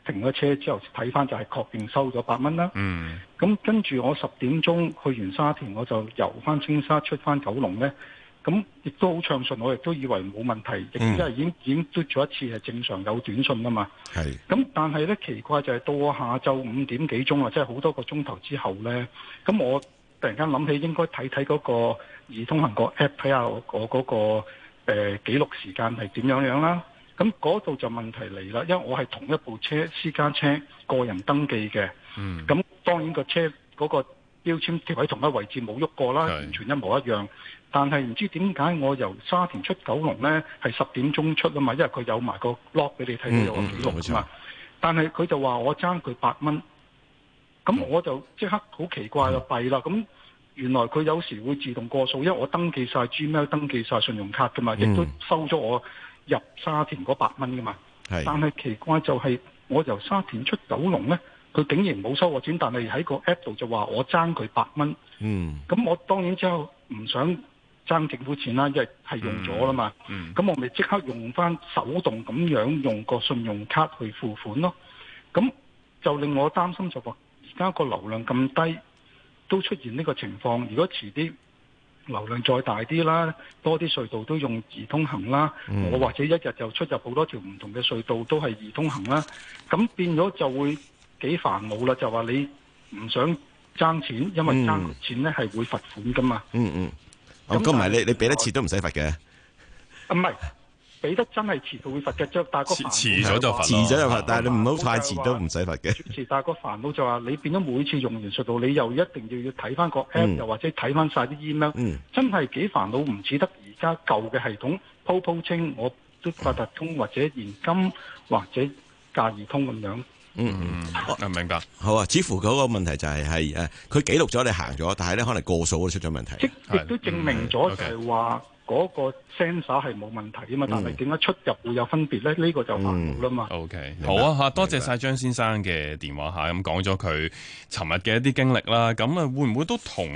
停咗車之後睇翻，就係確認收咗八蚊啦。咁、嗯、跟住我十點鐘去完沙田，我就游翻青沙出翻九龍呢。咁亦都好暢順，我亦都以為冇問題，亦、嗯、都已經已經嘟咗一次係正常有短信啊嘛。咁但係呢，奇怪就係到我下晝五點幾鐘啊，即係好多個鐘頭之後呢。咁我。突然間諗起應該睇睇嗰個易通行個 APP，看看的、那個 app 睇下我嗰個誒記錄時間係點樣樣啦。咁嗰度就問題嚟啦，因為我係同一部車私家車個人登記嘅。嗯。咁當然個車嗰個標籤貼喺同一位置冇喐過啦，完全一模一樣。但係唔知點解我由沙田出九龍呢係十點鐘出啊嘛，因為佢有埋個 log 俾你睇到有個記錄、嗯嗯嗯、但係佢就話我爭佢八蚊。咁、嗯、我就即刻好奇怪啦，弊啦！咁原來佢有時會自動過數，因為我登記晒 Gmail，登記晒信用卡噶嘛，亦、嗯、都收咗我入沙田嗰百蚊噶嘛。係、但係奇怪就係我由沙田出九龍呢，佢竟然冇收我錢，但係喺個 app 度就話我爭佢百蚊。嗯。咁我當然之後唔想爭政府錢啦，因為係用咗啦嘛。咁、嗯嗯、我咪即刻用翻手動咁樣用個信用卡去付款咯。咁就令我擔心就話。而家個流量咁低，都出現呢個情況。如果遲啲流量再大啲啦，多啲隧道都用易通行啦、嗯，我或者一日就出入好多條唔同嘅隧道都係易通行啦。咁變咗就會幾煩惱啦。就話你唔想爭錢，因為爭錢咧係會罰款㗎嘛。嗯嗯。咁同埋你你俾得一次都唔使罰嘅。啊，唔係。 [laughs] 記得真係遲到會罰嘅，即大哥，係個煩惱就遲咗就罰，但係你唔好太遲都唔使罰嘅。遲，但係個煩惱就話你變咗每次用完隧道，你又一定要要睇返個 App，嗯、又或者睇返晒啲 email，真係幾煩惱，唔似得而家舊嘅系統鋪鋪清，我都八達通、嗯、或者現金或者駕易通咁樣。嗯嗯，我明白。 [laughs] 好啊，似乎嗰個問題就係係誒，佢記、呃、錄咗你行咗，但係咧可能個數都出咗問題。即亦都證明咗、嗯 okay. 就係話。嗰個 sensor 係冇問題啊嘛，但係點解出入會有分別咧？呢個就行到啦嘛。嗯、OK，好啊，多謝晒張先生嘅電話下，咁講咗佢尋日嘅一啲經歷啦。咁啊，會唔會都同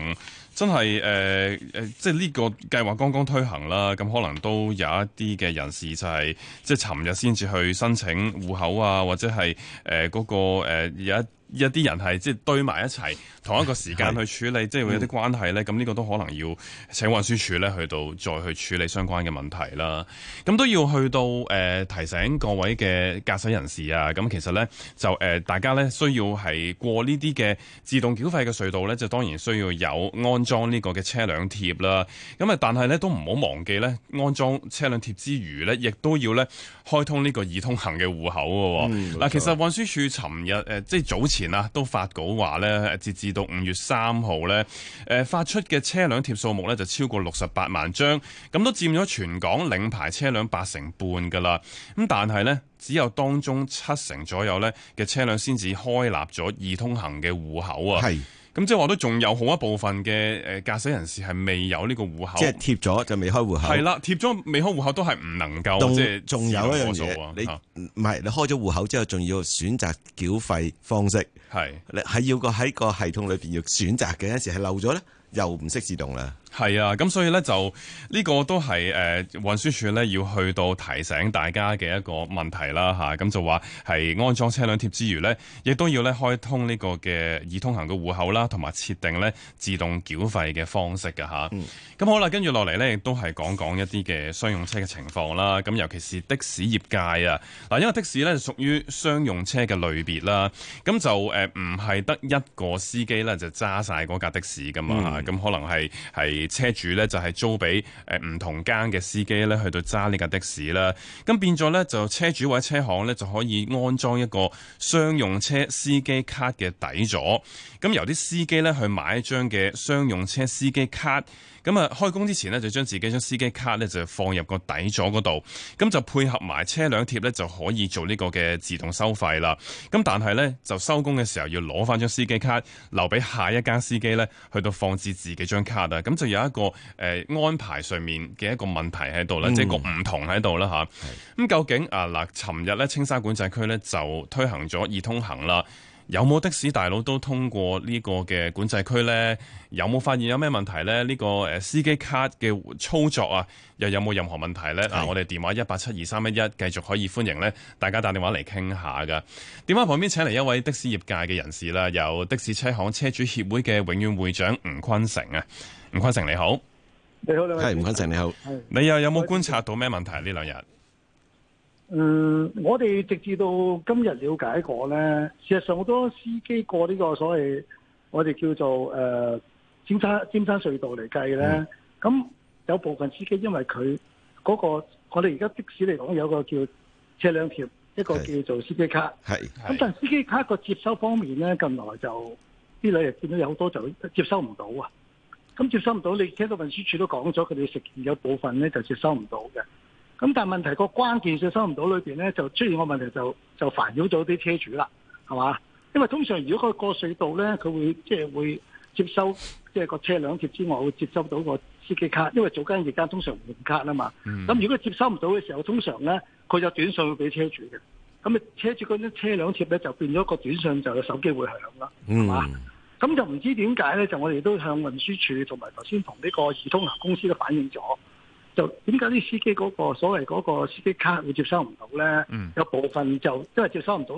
真係誒誒，即係呢個計劃剛剛推行啦？咁可能都有一啲嘅人士就係即係尋日先至去申請戶口啊，或者係誒嗰個誒有一。一啲人係即係堆埋一齊同一個時間去處理，即、就是、係會有啲關係咧。咁、嗯、呢個都可能要請運輸署咧去到再去處理相關嘅問題啦。咁都要去到誒、呃、提醒各位嘅駕駛人士啊。咁其實咧就誒、呃、大家咧需要係過呢啲嘅自動繳費嘅隧道咧，就當然需要有安裝呢個嘅車輛貼啦。咁啊，但係咧都唔好忘記咧，安裝車輛貼之餘咧，亦都要咧開通呢個易通行嘅戶口嘅喎。嗱、嗯，其實運輸署尋日誒即係早前。前啊，都發稿話咧，截至到五月三號咧，誒發出嘅車輛貼數目咧就超過六十八萬張，咁都佔咗全港領牌車輛八成半噶啦。咁但係咧，只有當中七成左右咧嘅車輛先至開立咗易通行嘅戶口啊。係。咁即係話都仲有好一部分嘅誒駕駛人士係未有呢個戶口，即係貼咗就未開戶口。係啦，貼咗未開戶口都係唔能夠，即係仲有一樣嘢，你唔係你開咗戶口之後，仲要選擇繳費方式，係是的 你係要個喺個系統裏邊要選擇嘅有陣時係漏咗咧，又唔識自動啦。係啊，咁所以呢，就呢、這個都係誒運輸署呢要去到提醒大家嘅一個問題啦吓，咁、啊、就話係安裝車輛貼之餘呢，亦都要咧開通呢個嘅易通行嘅戶口啦，同、啊、埋設定呢自動繳費嘅方式㗎。吓、啊。咁、嗯、好啦，跟住落嚟呢，亦都係講講一啲嘅商用車嘅情況啦，咁、啊、尤其是的士業界啊，嗱因為的士呢屬於商用車嘅類別啦，咁、啊、就誒唔係得一個司機呢，就揸晒嗰架的士噶嘛，咁可能係係。而車主咧就係租俾誒唔同間嘅司機咧去到揸呢架的士啦，咁變咗咧就車主或者車行咧就可以安裝一個商用車司機卡嘅底座，咁由啲司機咧去買一張嘅商用車司機卡。咁啊，開工之前咧就將自己張司機卡咧就放入個底座嗰度，咁就配合埋車輛貼咧就可以做呢個嘅自動收費啦。咁但係呢，就收工嘅時候要攞翻張司機卡留俾下一間司機呢，去到放置自己張卡啦。咁就有一個誒安排上面嘅一個問題喺度啦，即、嗯、係、即係、個唔同喺度啦嚇。咁究竟啊嗱，尋日咧青沙管制區呢，就推行咗易通行啦。有冇的士大佬都通過呢個嘅管制區呢？有冇發現有咩問題呢？呢個誒司機卡嘅操作啊，又有冇任何問題呢？啊，我哋電話一八七二三一一，繼續可以歡迎呢大家打電話嚟傾下噶。電話旁邊請嚟一位的士業界嘅人士啦，由的士車行車主協會嘅永遠會長吳坤成啊，吳坤成你好，你好你好，係吳坤成你好，你又有冇觀察到咩問題呢兩日？嗯，我哋直至到今日了解過咧，事實上好多司機過呢個所謂我哋叫做誒、呃、尖山尖山隧道嚟計咧，咁、嗯、有部分司機因為佢嗰、嗰個我哋而家的士嚟講有個叫車輛條，一個叫做司機卡，係，咁但係司機卡個接收方面咧，近來就呢兩日見到有好多就接收唔到啊，咁接收唔到，你交通運輸署都講咗，佢哋食有部分咧就接收唔到嘅。咁但係問題個關鍵接收唔到裏邊咧，就出現個問題就就煩擾咗啲車主啦，係嘛？因為通常如果佢過隧道咧，佢會即係會接收即係個車輛貼之外，會接收到個司機卡，因為早間、夜間通常唔用卡啊嘛。咁如果接收唔到嘅時候，通常咧佢有短信會俾車主嘅。咁啊，車主嗰啲車輛貼咧就變咗個短信就有手機會響啦，係嘛？咁、mm-hmm. 就唔知點解咧，就我哋都向運輸處同埋頭先同呢個易通行公司都反映咗。就點解啲司機嗰、嗰個所謂嗰個司機卡會接收唔到咧？嗯、有部分就因為接收唔到，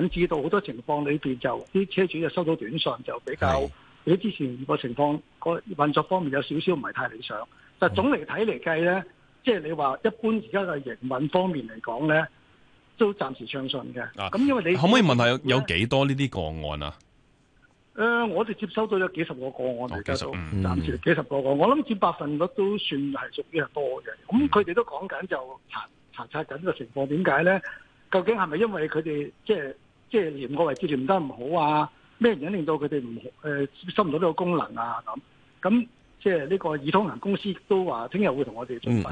引致到好多情況裏面就啲車主就收到短信，就比較比之前個情況個運作方面有少少唔係太理想。但係總嚟睇嚟計咧，嗯、即係你話一般而家嘅營運方面嚟講咧，都暫時暢順嘅。咁、啊、因為你可唔可以問下有幾多呢啲個案啊？誒、呃，我哋接收到了幾十個個個、嗯、有幾十個個案嚟嘅，都暫時幾十個個，我諗接百分率都算係屬於係多嘅。咁佢哋都講緊就查查察緊個情況，點解咧？究竟係咪因為佢哋即係即係連個位置連得唔好啊？咩原因令到佢哋唔、呃、接收唔到呢個功能啊？咁咁。即係呢個易通行公司都話，聽日會同我哋溝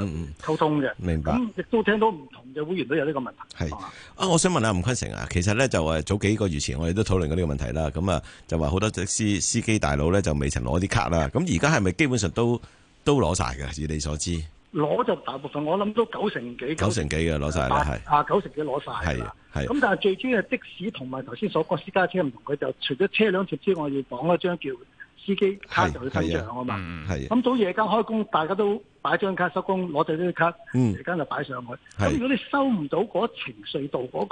通嘅、嗯嗯。明白。亦都聽到唔同嘅會員都有呢個問題。啊。我想問下吳坤成啊，其實咧就係早幾個月前，我哋都討論過呢個問題啦。咁啊，就話好多司司機大佬咧就未曾攞啲卡啦。咁而家係咪基本上都都攞晒㗎？以你所知，攞就大部分，我諗都九成幾。九成幾嘅攞晒啦，係、啊。啊，九成幾攞晒。係咁但係最主要係，的士同埋頭先所講私家車唔同，佢就除咗車輛貼之外，要綁一張叫。司機卡就去收啊嘛，咁、嗯、早夜間開工，大家都擺張卡收工，攞呢啲卡，夜、嗯、間就擺上去。咁如果你收唔到嗰程隧道嗰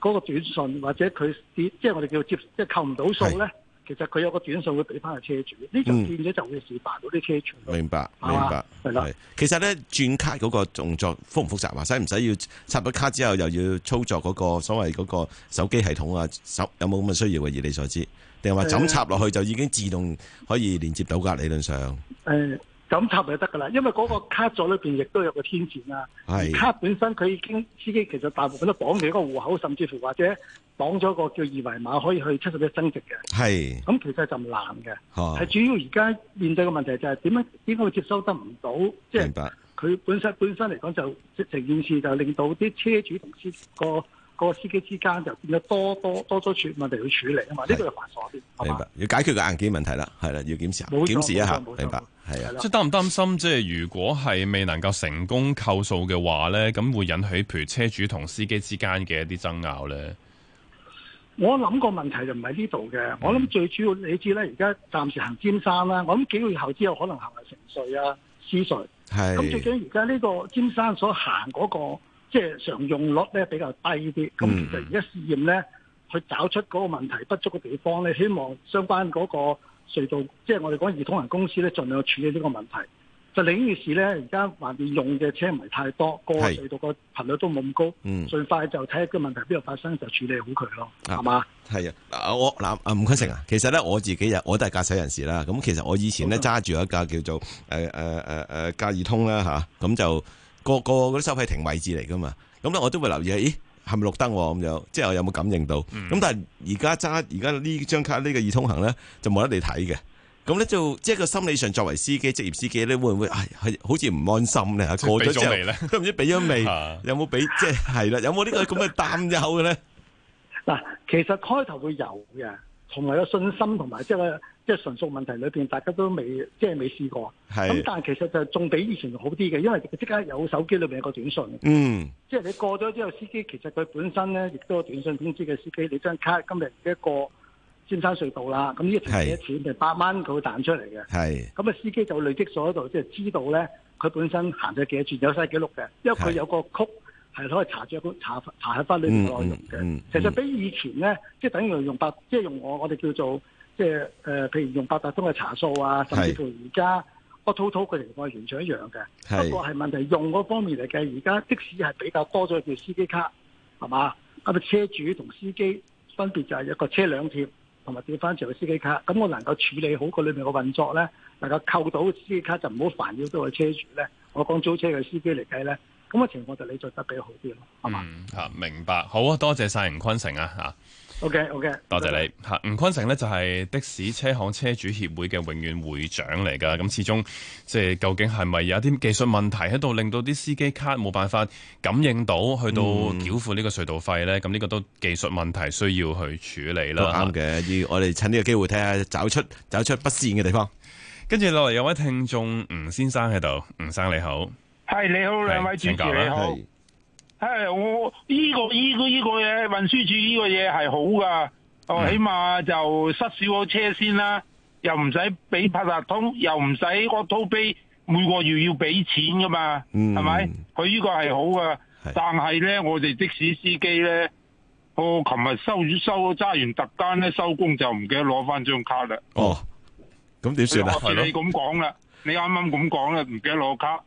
個個短信或者佢即係我哋叫接，即係扣唔到數咧，其實佢有個短信會俾翻個車主，呢就變咗就會事辦嗰啲車主。明白，明白，係啦。其實咧轉卡嗰個動作複唔複雜啊？使唔使要插咗卡之後又要操作嗰個所謂嗰個手機系統啊？手有冇咁嘅需要嘅？以你所知？定話噉，插落去就已經自動可以連接到噶，理論上。誒、嗯，噉插咪得噶啦，因為嗰個卡座裏邊亦都有個天線啊。係卡本身佢已經司機其實大部分都綁住個戶口，甚至乎或者綁咗個叫二維碼可以去七十一增值嘅。係。咁、嗯、其實就唔難嘅，係、啊、主要而家面對嘅問題就係點樣，點解會接收得唔到？明白即係佢本身本身嚟講就直情成件事就令到啲車主同司個。那個司機之間就變咗多多多咗處問題去處理啊嘛，呢個就繁瑣啲，明白？要解決個硬件問題啦，係啦，要檢視，檢視一下，明白？係啊。即擔唔擔心？即如果係未能夠成功扣數嘅話咧，咁會引起譬如車主同司機之間嘅一啲爭拗咧？我諗個問題就唔係呢度嘅，我諗最主要你知咧，而家暫時行尖山啦，我諗幾個月後之後可能行埋城隧啊、獅隧，係。咁最緊而家呢個尖山所行嗰個。即係常用率咧比較低啲，咁就而家試驗咧去找出嗰個問題不足嘅地方咧，希望相關嗰個隧道，即係我哋講易通行公司咧，盡量處理呢個問題。就另一件事咧，而家橫掂用嘅車唔係太多，個隧道個頻率都冇咁高，最快就睇下個問題邊度發生就處理好佢咯，係嘛？係啊，我嗱阿吳坤成啊，其實咧我自己又我都係駕駛人士啦，咁其實我以前咧揸住一架叫做誒誒誒誒駕易通啦，吓，咁、啊、就。個個嗰啲收費亭位置嚟噶嘛，咁咧我都會留意，咦，係咪綠燈咁樣？即係我有冇感應到？咁但係而家揸而家呢張卡呢個易通行咧，就冇得你睇嘅。咁咧就即係個心理上，作為司機職業司機咧，會唔會係係好似唔安心咧？吓過咗之後都唔知俾咗未？有冇俾？即係係啦，有冇呢個咁嘅擔憂嘅咧？嗱，其實開頭會有嘅。同埋有信心，同埋即係即係純屬問題裏面大家都未即係未試過。咁但係其實就仲比以前好啲嘅，因為即刻有手機裏面有個短信。嗯，即係你過咗之後，司機其實佢本身咧，亦都有短信通知嘅，司機你張卡今日已經過尖山隧道啦。咁呢程幾多錢？八蚊佢會彈出嚟嘅。咁啊，司機就累積喺度即係知道咧，佢本身行咗幾多轉，有曬記錄嘅，因為佢有個曲。係攞去查咗查查喺翻裏面內容嘅。嗯嗯嗯，其實比以前咧，即係等於用八，即係用我我哋叫做即係誒、呃，譬如用八達通嘅查數啊，甚至乎而家我套套佢哋情況係完全一樣嘅，不過係問題用嗰方面嚟計，而家即使係比較多咗叫司機卡，係嘛？咁啊，車主同司機分別就係一個車輛貼同埋貼翻條嘅司機卡。咁我能夠處理好佢裏面嘅運作咧，能夠扣到司機卡就唔好煩擾到個車主咧。我講租車嘅司機嚟計咧。咁嘅情況就你做得比較好啲咯，係嘛？嗯，吓明白，好多謝晒吳坤成啊，吓。O K，O K，多謝你吓。吳坤成咧就係的士車行車主協會嘅永遠會長嚟噶。咁始終即係究竟係咪有一啲技術問題喺度，令到啲司機卡冇辦法感應到去到繳付呢個隧道費咧？咁、嗯、呢個都技術問題需要去處理啦。啱嘅，我哋趁呢個機會睇下找出找出不自然嘅地方。跟住落嚟有位聽眾吳先生喺度，吳生你好。係你好，兩位主持你好。係我呢、這個呢、這個呢、這個嘢運輸署呢個嘢係好噶，哦、嗯、起碼就塞少個車先啦，又唔使俾八達通，又唔使我 to b 每個月要俾錢噶嘛，係、嗯、咪？佢呢個係好噶，但係咧我哋的士司機咧，我琴日收收揸完特單咧收工就唔記得攞翻張卡啦。哦，咁點算啊？好似你咁講啦， [laughs] 你啱啱咁講啦，唔記得攞卡。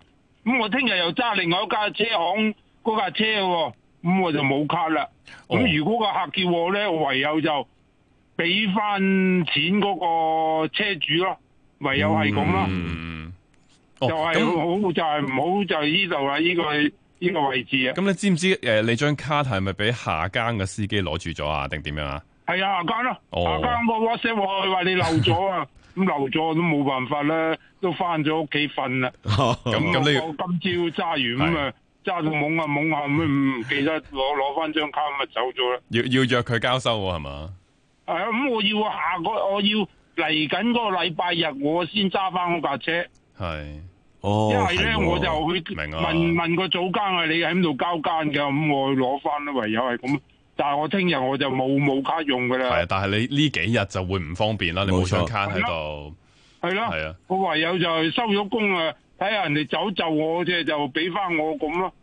咁我聽日又揸另外一架車行嗰架車喎，咁我就冇卡啦。咁、oh. 如果個客叫我咧，唯有是這樣、mm. oh, 就俾翻錢嗰個車主咯，唯有係咁啦。Oh. 就係好，就係唔好，就係依度啊！依個依個位置啊。咁你知唔知誒？你張卡係咪俾下間嘅司機攞住咗啊？定點樣啊？係啊，下間咯、啊，oh. 下間個 WhatsApp 佢話你漏咗啊！ [laughs] 咁漏咗都冇辦法啦，都翻咗屋企瞓啦。咁 [laughs] 你我今朝揸完咁 [laughs] [laughs] 啊，揸到懵下懵下咁，唔記得攞攞翻張卡，咁咪走咗啦。要要約佢交收喎，係嘛？係啊，咁我要下個，我要嚟緊嗰個禮拜日，我先揸翻嗰架車。係， [laughs] 哦、oh。因為咧，我就去問、啊、問個早間啊，你喺度交更嘅，咁我攞翻啦。唯有係咁。但係我聽日我就冇冇卡用噶啦。係啊，但係你呢幾日就會唔方便啦，你冇上卡喺度。係咯，係啊，我唯有就收咗工啊，睇下人哋走就我啫，就俾翻我咁咯。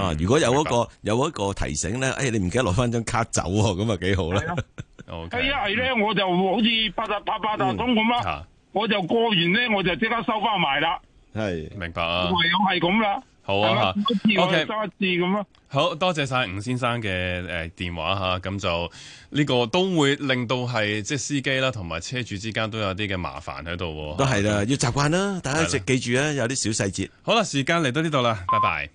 啊，如果有一個有一個提醒咧，誒、哎，你唔記得攞翻張卡走喎，咁啊幾好啦。係啊，一係咧我就好似八達八達通咁啦，我就過完咧我就即刻收翻埋啦。係，明白啊。唯有係咁啦。好啊，吓咁咯。多 okay. 好多謝晒吳先生嘅誒電話吓，咁就呢個都會令到係即係司機啦，同埋車主之間都有啲嘅麻煩喺度。都係啦，要習慣啦，大家一直記住啊，有啲小細節。好啦，時間嚟到呢度啦，拜拜。